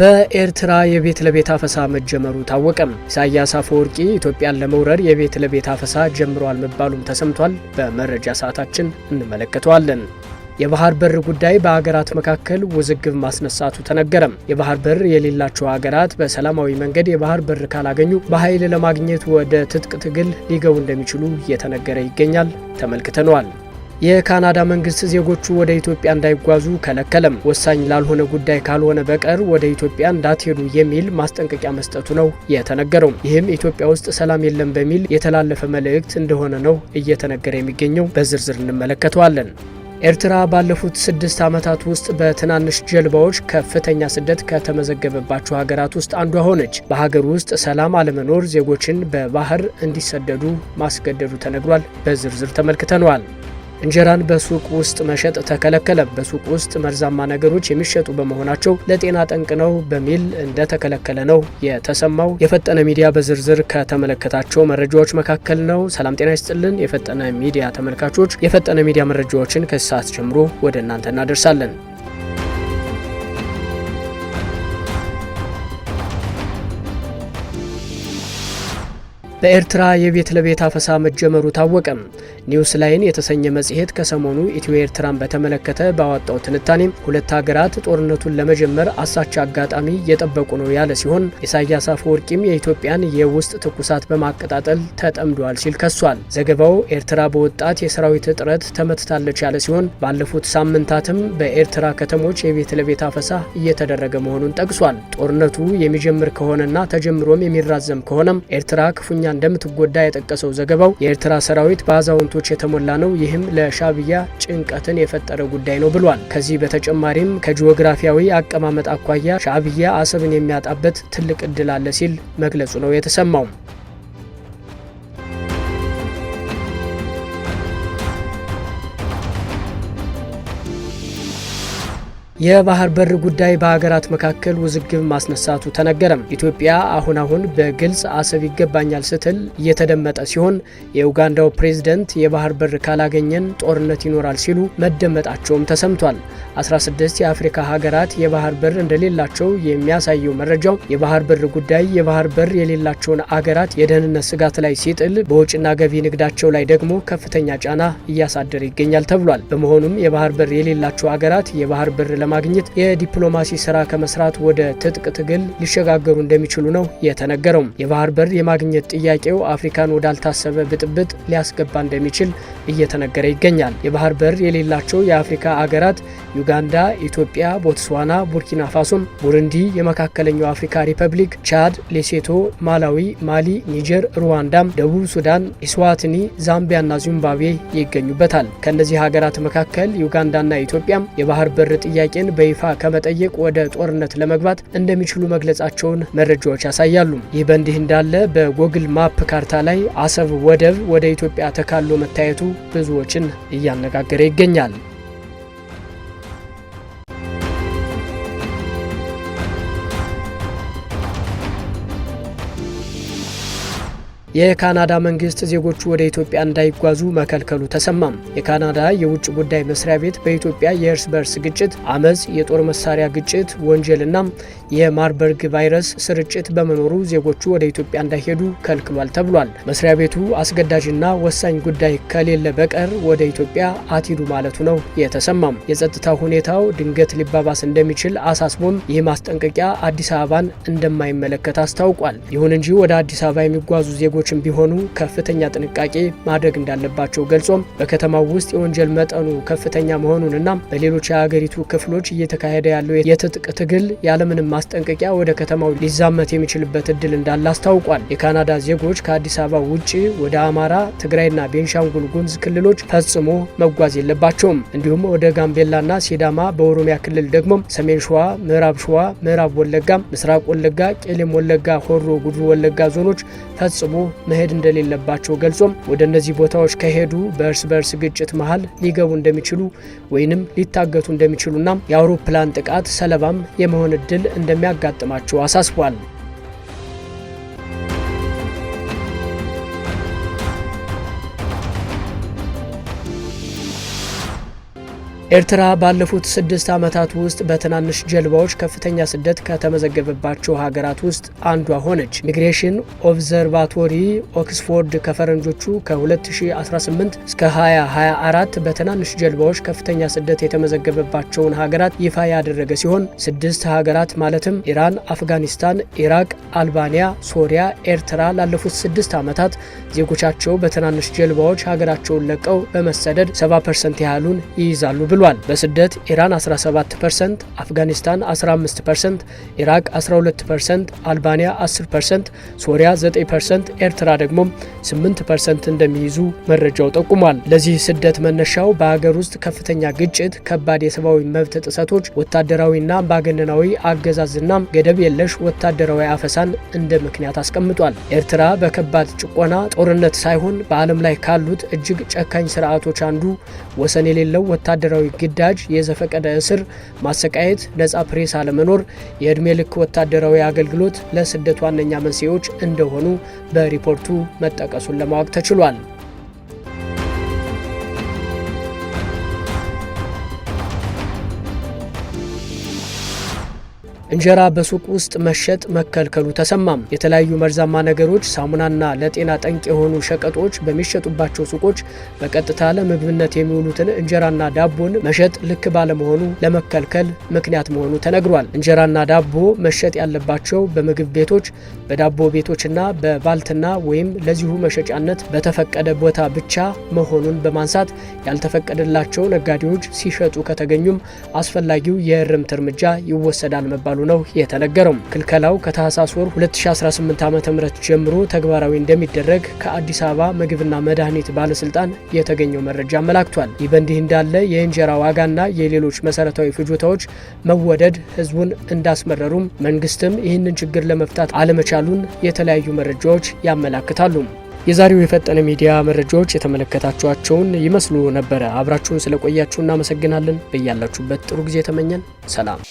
በኤርትራ የቤት ለቤት አፈሳ መጀመሩ ታወቀም። ኢሳያስ አፈወርቂ ኢትዮጵያን ለመውረር የቤት ለቤት አፈሳ ጀምሯል መባሉም ተሰምቷል። በመረጃ ሰዓታችን እንመለከተዋለን። የባህር በር ጉዳይ በሀገራት መካከል ውዝግብ ማስነሳቱ ተነገረም። የባህር በር የሌላቸው ሀገራት በሰላማዊ መንገድ የባህር በር ካላገኙ በኃይል ለማግኘት ወደ ትጥቅ ትግል ሊገቡ እንደሚችሉ እየተነገረ ይገኛል። ተመልክተነዋል። የካናዳ መንግስት ዜጎቹ ወደ ኢትዮጵያ እንዳይጓዙ ከለከለም። ወሳኝ ላልሆነ ጉዳይ ካልሆነ በቀር ወደ ኢትዮጵያ እንዳትሄዱ የሚል ማስጠንቀቂያ መስጠቱ ነው የተነገረው። ይህም ኢትዮጵያ ውስጥ ሰላም የለም በሚል የተላለፈ መልእክት እንደሆነ ነው እየተነገረ የሚገኘው። በዝርዝር እንመለከተዋለን። ኤርትራ ባለፉት ስድስት ዓመታት ውስጥ በትናንሽ ጀልባዎች ከፍተኛ ስደት ከተመዘገበባቸው ሀገራት ውስጥ አንዷ ሆነች። በሀገር ውስጥ ሰላም አለመኖር ዜጎችን በባህር እንዲሰደዱ ማስገደዱ ተነግሯል። በዝርዝር ተመልክተነዋል። እንጀራን በሱቅ ውስጥ መሸጥ ተከለከለ። በሱቅ ውስጥ መርዛማ ነገሮች የሚሸጡ በመሆናቸው ለጤና ጠንቅ ነው በሚል እንደተከለከለ ነው የተሰማው። የፈጠነ ሚዲያ በዝርዝር ከተመለከታቸው መረጃዎች መካከል ነው። ሰላም ጤና ይስጥልን የፈጠነ ሚዲያ ተመልካቾች፣ የፈጠነ ሚዲያ መረጃዎችን ከሰዓት ጀምሮ ወደ እናንተ እናደርሳለን። በኤርትራ የቤት ለቤት አፈሳ መጀመሩ ታወቀም። ኒውስ ላይን የተሰኘ መጽሔት ከሰሞኑ ኢትዮ ኤርትራን በተመለከተ ባወጣው ትንታኔ ሁለት ሀገራት ጦርነቱን ለመጀመር አሳቻ አጋጣሚ እየጠበቁ ነው ያለ ሲሆን ኢሳያስ አፈወርቂም የኢትዮጵያን የውስጥ ትኩሳት በማቀጣጠል ተጠምዷል ሲል ከሷል። ዘገባው ኤርትራ በወጣት የሰራዊት እጥረት ተመትታለች ያለ ሲሆን ባለፉት ሳምንታትም በኤርትራ ከተሞች የቤት ለቤት አፈሳ እየተደረገ መሆኑን ጠቅሷል። ጦርነቱ የሚጀምር ከሆነና ተጀምሮም የሚራዘም ከሆነም ኤርትራ ክፉኛ እንደምትጎዳ የጠቀሰው ዘገባው የኤርትራ ሰራዊት በአዛውንቶች የተሞላ ነው፣ ይህም ለሻቢያ ጭንቀትን የፈጠረ ጉዳይ ነው ብሏል። ከዚህ በተጨማሪም ከጂኦግራፊያዊ አቀማመጥ አኳያ ሻቢያ አሰብን የሚያጣበት ትልቅ እድል አለ ሲል መግለጹ ነው የተሰማው። የባህር በር ጉዳይ በሀገራት መካከል ውዝግብ ማስነሳቱ ተነገረም። ኢትዮጵያ አሁን አሁን በግልጽ አሰብ ይገባኛል ስትል እየተደመጠ ሲሆን የኡጋንዳው ፕሬዝደንት የባህር በር ካላገኘን ጦርነት ይኖራል ሲሉ መደመጣቸውም ተሰምቷል። 16 የአፍሪካ ሀገራት የባህር በር እንደሌላቸው የሚያሳየው መረጃው የባህር በር ጉዳይ የባህር በር የሌላቸውን አገራት የደህንነት ስጋት ላይ ሲጥል፣ በውጭና ገቢ ንግዳቸው ላይ ደግሞ ከፍተኛ ጫና እያሳደረ ይገኛል ተብሏል። በመሆኑም የባህር በር የሌላቸው አገራት የባህር በር ለማግኘት የዲፕሎማሲ ስራ ከመስራት ወደ ትጥቅ ትግል ሊሸጋገሩ እንደሚችሉ ነው የተነገረው። የባህር በር የማግኘት ጥያቄው አፍሪካን ወዳልታሰበ ብጥብጥ ሊያስገባ እንደሚችል እየተነገረ ይገኛል። የባህር በር የሌላቸው የአፍሪካ አገራት ዩጋንዳ፣ ኢትዮጵያ፣ ቦትስዋና፣ ቡርኪና ፋሶም፣ ቡሩንዲ፣ የመካከለኛው አፍሪካ ሪፐብሊክ፣ ቻድ፣ ሌሴቶ፣ ማላዊ፣ ማሊ፣ ኒጀር፣ ሩዋንዳም፣ ደቡብ ሱዳን፣ ኢስዋትኒ፣ ዛምቢያ ና ዚምባብዌ ይገኙበታል። ከእነዚህ ሀገራት መካከል ዩጋንዳና ኢትዮጵያም የባህር በር ጥያቄን በይፋ ከመጠየቅ ወደ ጦርነት ለመግባት እንደሚችሉ መግለጻቸውን መረጃዎች ያሳያሉ። ይህ በእንዲህ እንዳለ በጎግል ማፕ ካርታ ላይ አሰብ ወደብ ወደ ኢትዮጵያ ተካሎ መታየቱ ብዙዎችን እያነጋገረ ይገኛል። የካናዳ መንግስት ዜጎቹ ወደ ኢትዮጵያ እንዳይጓዙ መከልከሉ ተሰማም። የካናዳ የውጭ ጉዳይ መስሪያ ቤት በኢትዮጵያ የእርስ በርስ ግጭት፣ አመፅ፣ የጦር መሳሪያ ግጭት፣ ወንጀልና የማርበርግ ቫይረስ ስርጭት በመኖሩ ዜጎቹ ወደ ኢትዮጵያ እንዳይሄዱ ከልክሏል ተብሏል። መስሪያ ቤቱ አስገዳጅና ወሳኝ ጉዳይ ከሌለ በቀር ወደ ኢትዮጵያ አትሂዱ ማለቱ ነው የተሰማም። የጸጥታ ሁኔታው ድንገት ሊባባስ እንደሚችል አሳስቦም ይህ ማስጠንቀቂያ አዲስ አበባን እንደማይመለከት አስታውቋል። ይሁን እንጂ ወደ አዲስ አበባ የሚጓዙ ዜጎ ግለሰቦችም ቢሆኑ ከፍተኛ ጥንቃቄ ማድረግ እንዳለባቸው ገልጾም በከተማው ውስጥ የወንጀል መጠኑ ከፍተኛ መሆኑንና በሌሎች የሀገሪቱ ክፍሎች እየተካሄደ ያለው የትጥቅ ትግል ያለምንም ማስጠንቀቂያ ወደ ከተማው ሊዛመት የሚችልበት እድል እንዳለ አስታውቋል። የካናዳ ዜጎች ከአዲስ አበባ ውጭ ወደ አማራ፣ ትግራይና ቤንሻንጉል ጉምዝ ክልሎች ፈጽሞ መጓዝ የለባቸውም። እንዲሁም ወደ ጋምቤላና ሲዳማ፣ በኦሮሚያ ክልል ደግሞ ሰሜን ሸዋ፣ ምዕራብ ሸዋ፣ ምዕራብ ወለጋ፣ ምስራቅ ወለጋ፣ ቄሌም ወለጋ፣ ሆሮ ጉድሩ ወለጋ ዞኖች ፈጽሞ መሄድ እንደሌለባቸው ገልጾም ወደ እነዚህ ቦታዎች ከሄዱ በእርስ በእርስ ግጭት መሀል ሊገቡ እንደሚችሉ ወይንም ሊታገቱ እንደሚችሉና የአውሮፕላን ጥቃት ሰለባም የመሆን እድል እንደሚያጋጥማቸው አሳስቧል። ኤርትራ ባለፉት ስድስት ዓመታት ውስጥ በትናንሽ ጀልባዎች ከፍተኛ ስደት ከተመዘገበባቸው ሀገራት ውስጥ አንዷ ሆነች። ሚግሬሽን ኦብዘርቫቶሪ ኦክስፎርድ ከፈረንጆቹ ከ2018 እስከ 2024 በትናንሽ ጀልባዎች ከፍተኛ ስደት የተመዘገበባቸውን ሀገራት ይፋ ያደረገ ሲሆን ስድስት ሀገራት ማለትም ኢራን፣ አፍጋኒስታን፣ ኢራቅ፣ አልባንያ፣ ሶሪያ፣ ኤርትራ ላለፉት ስድስት ዓመታት ዜጎቻቸው በትናንሽ ጀልባዎች ሀገራቸውን ለቀው በመሰደድ 70 ፐርሰንት ያህሉን ይይዛሉ ብሎ ብሏል። በስደት ኢራን 17 ፐርሰንት፣ አፍጋኒስታን 15 ፐርሰንት፣ ኢራቅ 12 ፐርሰንት፣ አልባንያ 10 ፐርሰንት፣ ሶሪያ 9 ፐርሰንት፣ ኤርትራ ደግሞ 8 ፐርሰንት እንደሚይዙ መረጃው ጠቁሟል። ለዚህ ስደት መነሻው በሀገር ውስጥ ከፍተኛ ግጭት፣ ከባድ የሰብአዊ መብት ጥሰቶች፣ ወታደራዊና አምባገነናዊ አገዛዝና ገደብ የለሽ ወታደራዊ አፈሳን እንደ ምክንያት አስቀምጧል። ኤርትራ በከባድ ጭቆና ጦርነት ሳይሆን በዓለም ላይ ካሉት እጅግ ጨካኝ ስርዓቶች አንዱ ወሰን የሌለው ወታደራዊ ግዳጅ፣ የዘፈቀደ እስር፣ ማሰቃየት፣ ነጻ ፕሬስ አለመኖር፣ የዕድሜ ልክ ወታደራዊ አገልግሎት ለስደት ዋነኛ መንስኤዎች እንደሆኑ በሪፖርቱ መጠቀሱን ለማወቅ ተችሏል። እንጀራ በሱቅ ውስጥ መሸጥ መከልከሉ ተሰማም። የተለያዩ መርዛማ ነገሮች፣ ሳሙናና ለጤና ጠንቅ የሆኑ ሸቀጦች በሚሸጡባቸው ሱቆች በቀጥታ ለምግብነት የሚውሉትን እንጀራና ዳቦን መሸጥ ልክ ባለመሆኑ ለመከልከል ምክንያት መሆኑ ተነግሯል። እንጀራና ዳቦ መሸጥ ያለባቸው በምግብ ቤቶች፣ በዳቦ ቤቶችና በባልትና ወይም ለዚሁ መሸጫነት በተፈቀደ ቦታ ብቻ መሆኑን በማንሳት ያልተፈቀደላቸው ነጋዴዎች ሲሸጡ ከተገኙም አስፈላጊው የእርምት እርምጃ ይወሰዳል መባሉ መቻሉ ነው የተነገረው። ክልከላው ከታህሳስ ወር 2018 ዓ ም ጀምሮ ተግባራዊ እንደሚደረግ ከአዲስ አበባ ምግብና መድኃኒት ባለስልጣን የተገኘው መረጃ አመላክቷል። ይህ በእንዲህ እንዳለ የእንጀራ ዋጋና የሌሎች መሰረታዊ ፍጆታዎች መወደድ ህዝቡን እንዳስመረሩም መንግስትም ይህንን ችግር ለመፍታት አለመቻሉን የተለያዩ መረጃዎች ያመላክታሉ። የዛሬው የፈጠነ ሚዲያ መረጃዎች የተመለከታችኋቸውን ይመስሉ ነበረ። አብራችሁን ስለቆያችሁ እናመሰግናለን። በያላችሁበት ጥሩ ጊዜ ተመኘን። ሰላም